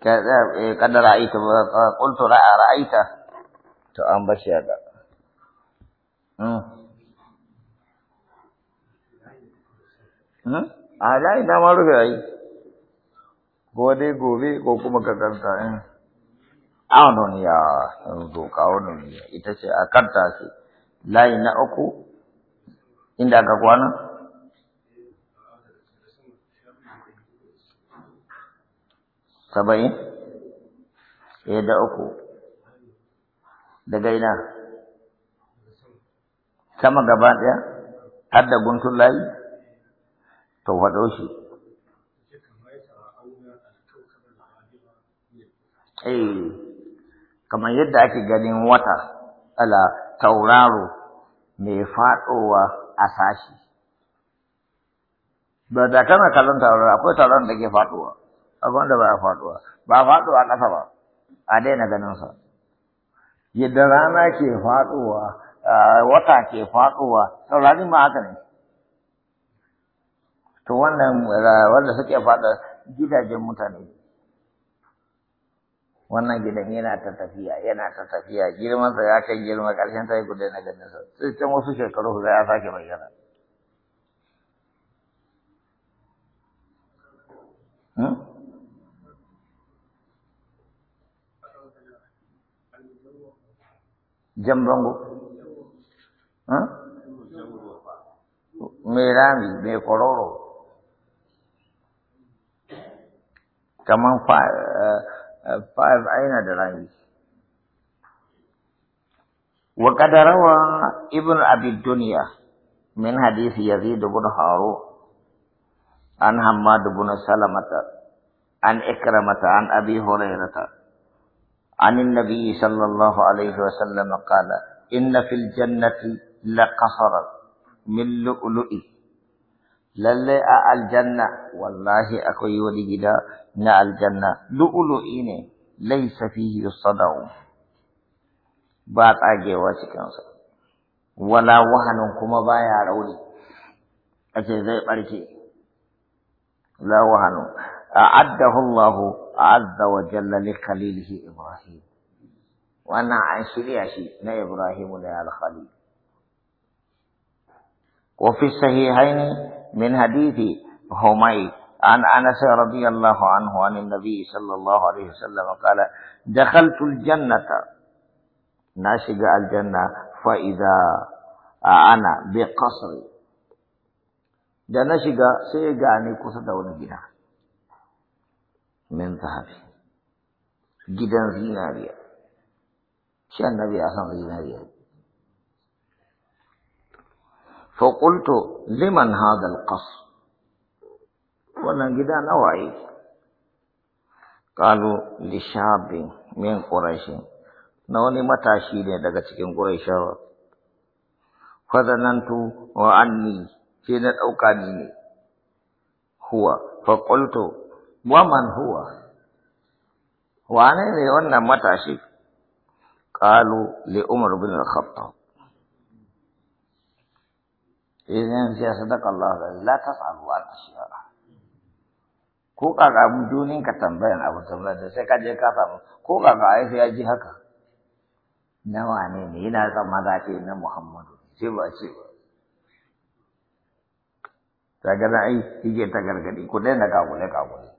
قد رأيت قلت رأى رأيت to an bar shi haka hmm. Hmm? a layi na ma rufe yi ko dai gobe ko kuma ka kanta eh. in aunon ya doka ita ce a na uku inda ka kwana saba'in ɗaya eh, da uku daga ina sama gaba ɗaya har da guntun layi to faɗo shi eh kamar yadda ake ganin wata ala tauraro mai faɗowa a sashi ba da kana kallon tauraro akwai tauraron da ke faɗowa abin da ba a faɗuwa ba faɗuwa ƙasa ba a daina ganinsa. sa yadda rana ke faɗuwa eh, wata ke faɗuwa saurari ma haka ne to wannan wanda suke faɗa gidajen mutane wannan gidan yana ta tafiya yana ta tafiya girman sa ya kai girma ƙarshen ta yi guda na ganin sa sai can wasu shekaru za ya sake bayyana Hmm? jambango mai rami mai kororo kamar five eh, eh, aina da rami wa kadarawa ibn abid duniya min hadithi yazid ibn haro an hamad ibn salamata an ikramata an abi hurairata عن النبي صلى الله عليه وسلم قال إن في الجنة لقصرا من لؤلؤي للي الجنة والله أكوي وليدا نا الجنة لؤلؤين ليس فيه الصدع بات آجي واسكنسا ولا وهن كما بايا رولي أجي زي بركي لا وهن أعده الله عز وجل لخليله إبراهيم وأنا لي عشي لا إبراهيم ولا الخليل وفي الصحيحين من حديث همي عن أنس رضي الله عنه عن النبي صلى الله عليه وسلم قال دخلت الجنة ناشق الجنة فإذا أنا بقصري da na shiga sai min zahabi gidan zinariya shi annabi ya san zinariya fa qultu liman hadal alqas wannan gida nawa yi qalu li shabin min quraish na wani matashi ne daga cikin quraishawa fa zanantu wa na dauka ni ne huwa fa qultu wa man huwa wane ne wannan matashi qalu li umar bin al-khattab idan eh, sai sadaka Allah la tasalu an ashiya ko mu dunin ka tambayan abu tambaya da sai ka je ka samu ko ga ai sai ya ji haka nawa ne ne yana zama ke na Muhammadu sai ba ce ba ta gana ai yake ta gargadi ku daina ka kagule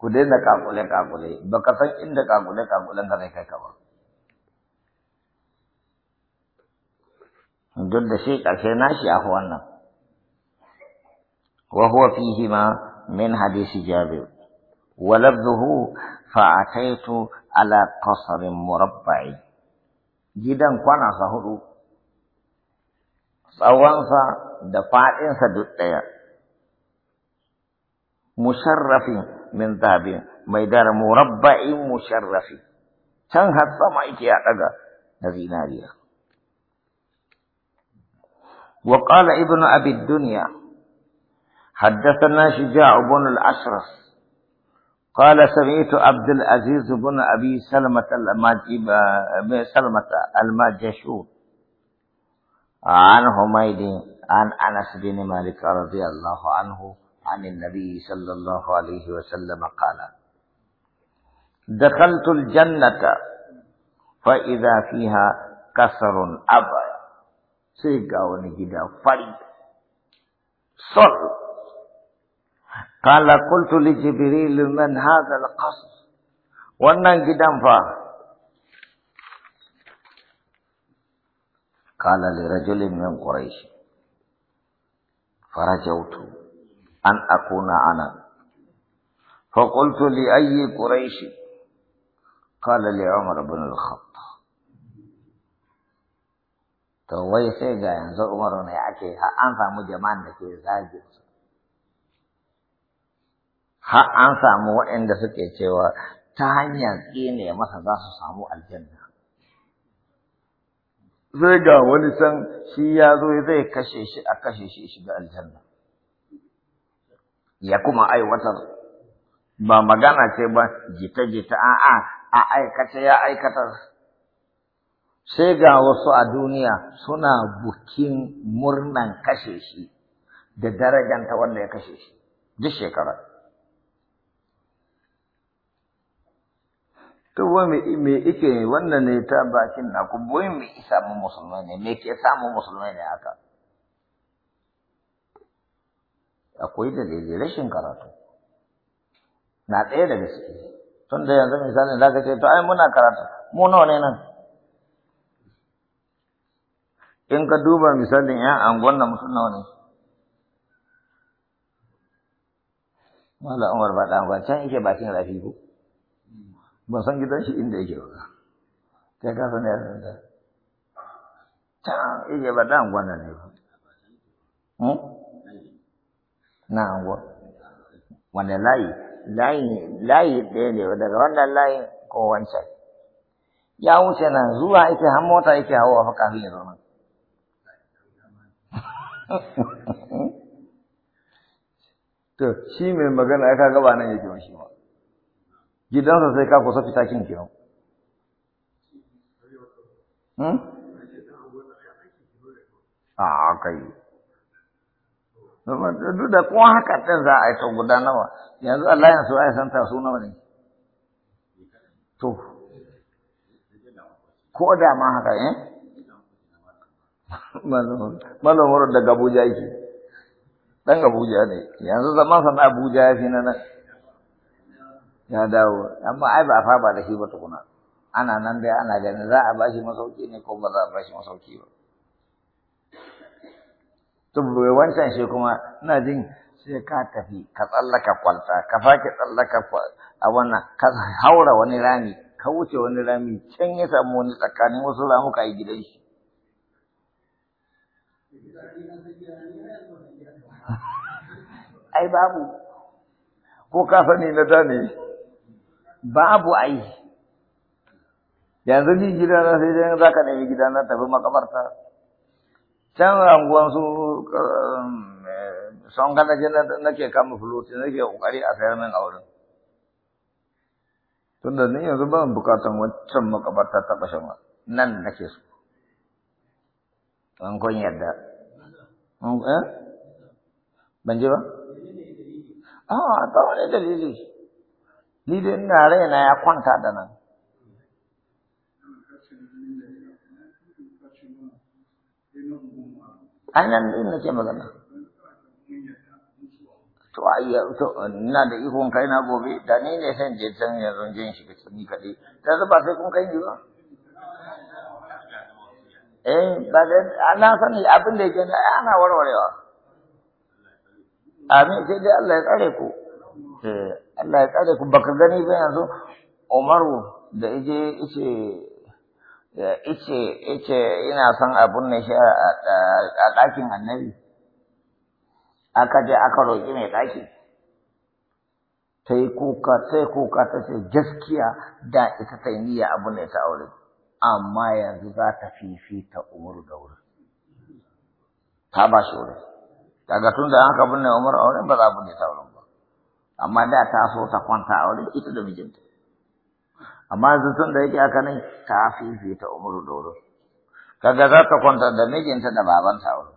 ku daina kakule kakule baka san inda kakule kakulen ka zai kai ka ba duk da shi ƙarshe nashi a wannan wa huwa fihi ma min hadisi jabir wa labdhuhu fa ataitu ala qasarin murabba'i gidan kwana sa hudu tsawonsa da faɗinsa duk ɗaya musharrafin من ذهب ميدار مربع مشرف تنهى السماء يا رجا نزيناريا وقال ابن ابي الدنيا حدثنا شجاع بن الاشرف قال سمعت عبد العزيز بن ابي سلمه الماجشون عن حميد عن انس بن مالك رضي الله عنه عن النبي صلى الله عليه وسلم قال دخلت الجنة فإذا فيها كسر أبا سيقا ونجد فريد صر قال قلت لجبريل من هذا القصر wannan gidan قال لرجل من قريش فرجوت أن أكون أنا فقلت لأي قريش قال لعمر بن الخطاب to wai sai ga yanzu Umar ne ake har an samu jama'an da ke zagin har an samu waɗanda suke cewa ta hanyar tsine masa za su samu aljanna sai ga wani can shi ya zo zai kashe shi a kashe shi shiga aljanna ya kuma aiwatar ba magana ce ba jita-jita a'a a aikata ya aikatar sai ga wasu a duniya suna bukin murnan kashe shi da darajanta wanda ya kashe shi duk shekara to me ike wannan ne ta bakin na ku boye isa mu musulmai ne me ke samu musulmai ne haka akwai dalili rashin karatu na ɗaya daga ciki tun da yanzu misalin za ka ce to ai muna karatu mu nawa ne nan in ka duba misalin yan angon na mutum nawa ne Mala Umar ba ɗan can yake bakin rafi ko ban san gidan shi inda yake ba kai ka san yadda da ta yake ba ɗan gwanan ne ba hmm? na anguwa wanda layi layi layi ɗaya ne daga wannan layi ko wancan ya wuce nan zuwa ita har mota yake hawa a kafin ya zo to shi mai magana ya kaga ba nan yake shi ba gidansa sai ka kusa fita kin kiran hmm? a ah, kai duk da kuma haka ɗin za a yi ta guda nawa yanzu Allah ya a yi san ta suna nawa ne to ko da ma haka yin? Eh? Malamuru daga Abuja yake dan Abuja ne yanzu zaman sana Abuja ya fi na nan ya dawo amma ai ba a faba da shi ba tukuna ana nan dai ana ganin za a bashi masauki ne ko ba za a bashi masauki ba to wancan shi kuma ina jin sai ka tafi ka tsallaka kwalta ka fake tsallaka a wannan ka haura wani rami ka wuce wani rami can ya samu wani tsakanin wasu ramuka a gidan shi ai babu ko ka sani na da ne babu ai yanzu ni gidana sai dai za ka nemi gidana tafi makabarta can anguwan su um, son kana na nake kama fuloti nake kokari a sayar min a wurin tunda ni yanzu ban bukatan wancan makabarta ta bashin nan nake su, an kun yarda eh? ban ji ba a ah, ta wani dalili Lidi dai ina raina ya kwanta da nan Thank you. nan din ce magana to ayya to ina da ikon kai na gobe da ni ne san je can yanzu jin shi kace ni kadai ta zuba sai kun kai ni ba eh ba da ana sani abin da yake ana warwarewa amin sai dai Allah ya tsare ku eh Allah ya tsare ku baka gani ba yanzu Umaru da ije ice ice ice ina son abun na shi a ɗakin annabi aka je aka roƙi mai ɗaki ta yi kuka ta yi kuka ta ce gaskiya da ita ta yi niyya abu ne ta aure amma yanzu za ta fifita umaru da wuri ta ba shi wuri daga tun da an ka binne umaru auren ba za a binne ta wurin ba amma da ta so ta kwanta aure ita da mijinta amma yanzu tun da yake aka nan ta fifita umuru da wurin kaga za ta kwanta da mijinta da babanta wurin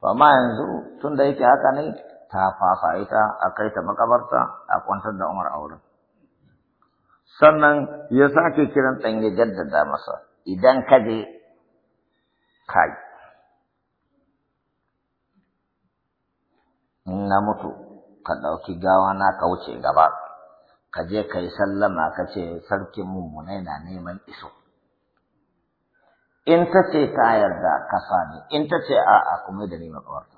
to amma yanzu tun da yake haka ne ta fafa ita a kai ta makabarta a kwantar da umar a wurin sannan ya sake kiran ɗan ya jaddada masa idan ka je kai na mutu ka ɗauki gawa na ka wuce gaba ka je ka yi sallama ka ce sarkin mummunai na neman iso in ta ce ta yarda ka sami in ta ce a'a kuma da neman kawarta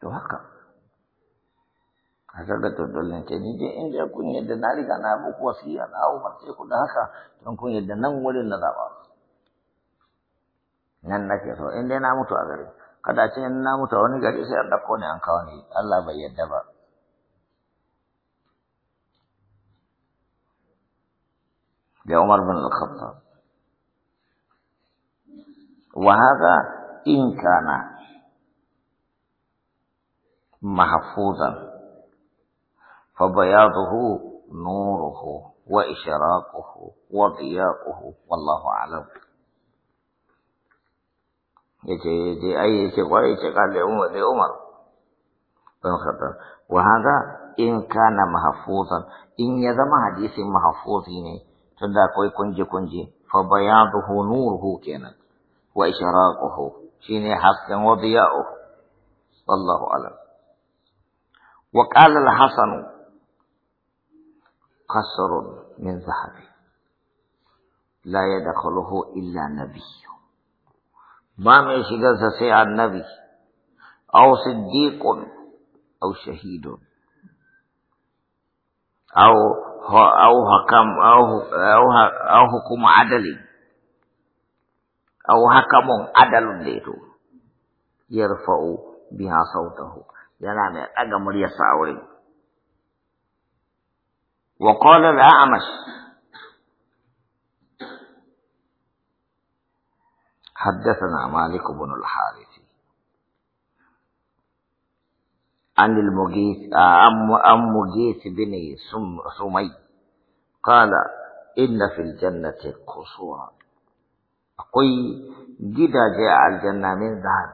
to haka haka ga tattalin ce ni je in je kun yadda na riga na muku wasiya na mace ku da haka don kun yadda nan wurin na zaɓa nan nake so in dai na mutu a gare kada ce in na mutu wani gari sai an dauko ne an kawo ni Allah bai yadda ba ga Umar bin Al-Khattab wa hada in kana mahfuzan محفوظا فبياضه نوره وإشراقه وضياقه والله أعلم يجي يجي أي لعمر لعمر بن الخطاب وهذا إن كان محفوظا إن يزم حديث محفوظين تندى كوي كنجي كنجي فبياضه نوره كانت وإشراقه شيني حسن وضياؤه والله أعلم وقال الحسن قصر من ذهب لا يدخله إلا نبي ba mai shigarsa sai annabi aw siddiqun aw shahidun aw aw hakam aw aw hukum adali aw hakamun yana mai ɗaga muryarsa a wurin wa qala amash حدثنا مالك بن الحارث عن المجيث أم آه، مجيث بن سمي قال إن في الجنة قصورا أقوي جدا جاء الجنة من ذهب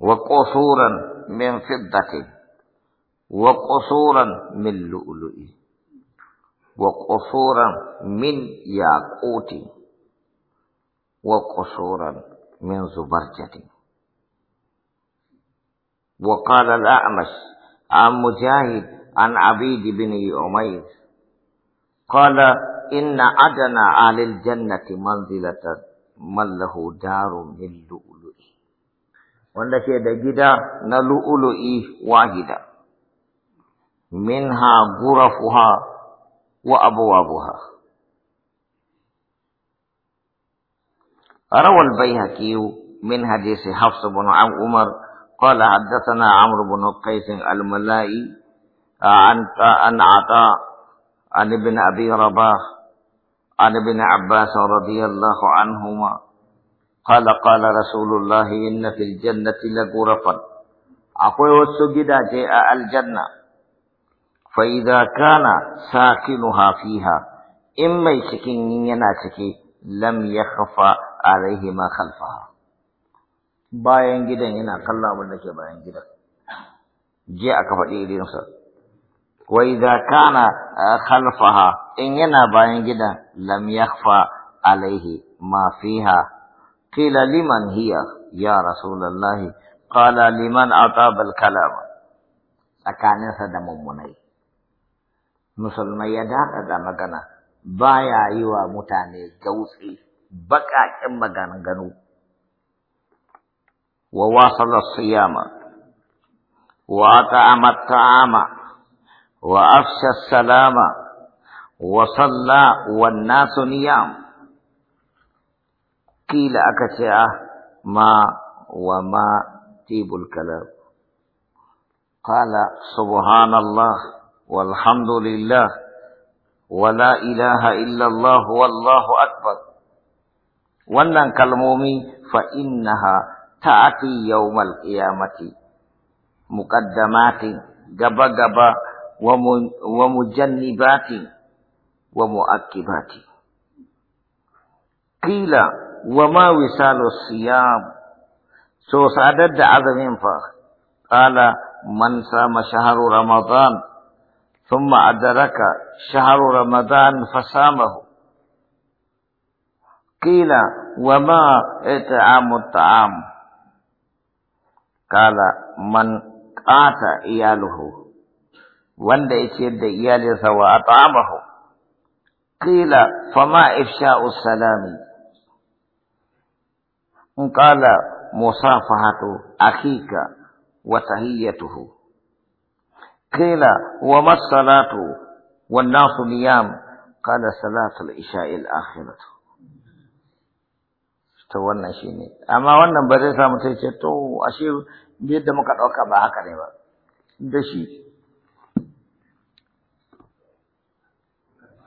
وقصورا من فضة وقصورا من لؤلؤ وقصورا من ياقوت وقصورا من زبرجد وقال الأعمش عن مجاهد عن عبيد بن عمير قال إن عدن على الجنة منزلة من له دار من لؤلؤ wanda ke نلؤلؤ واحدة منها غرفها وأبوابها روى البيهقي من حديث حفص بن عمر قال حدثنا عمرو بن قيس الملائي عن عن عطاء عن ابن ابي رباح عن ابن عباس رضي الله عنهما قال قال رسول الله ان في الجنه لغرفا اقوى wasu جاء الجنه فاذا كان ساكنها فيها اما fiha in mai cikin alaihi ma khalfaha bayan gidan yana kallon abin da ke bayan gidan je aka faɗi sa wa idza kana khalfaha in yana bayan gidan lam yakhfa alaihi ma fiha qila liman hiya ya rasulullah qala liman ataba al kalam sa da mummunai musulmai ya daɗa da magana baya yi wa mutane gautsi بقاكم مغانغنو وواصل الصيام واطعم الطعام وافشى السلام وصلى والناس نيام قيل أكشع ما وما تيب الكلام قال سبحان الله والحمد لله ولا اله الا الله والله اكبر wannan kalmomi fa innaha ta'ati yawmal qiyamati muqaddamati gaba-gaba wa mujannibati wa muakkibati qila wa ma wisalu siyam so sadar da azamin fa qala man sama shahru ramadan ثم أدرك شهر رمضان fasamahu قيل وما اطعام الطعام قال من اعطى اياله وند يشير ده اياله سوى اطعامه قيل فما افشاء السلام قال مصافحة أخيك وتهيته قيل وما الصلاة والناس نيام قال صلاة الإشاء الآخرة to wannan shi ne, amma wannan ba zai ta yi ce to ashe yadda muka ɗauka ba haka ne ba da shi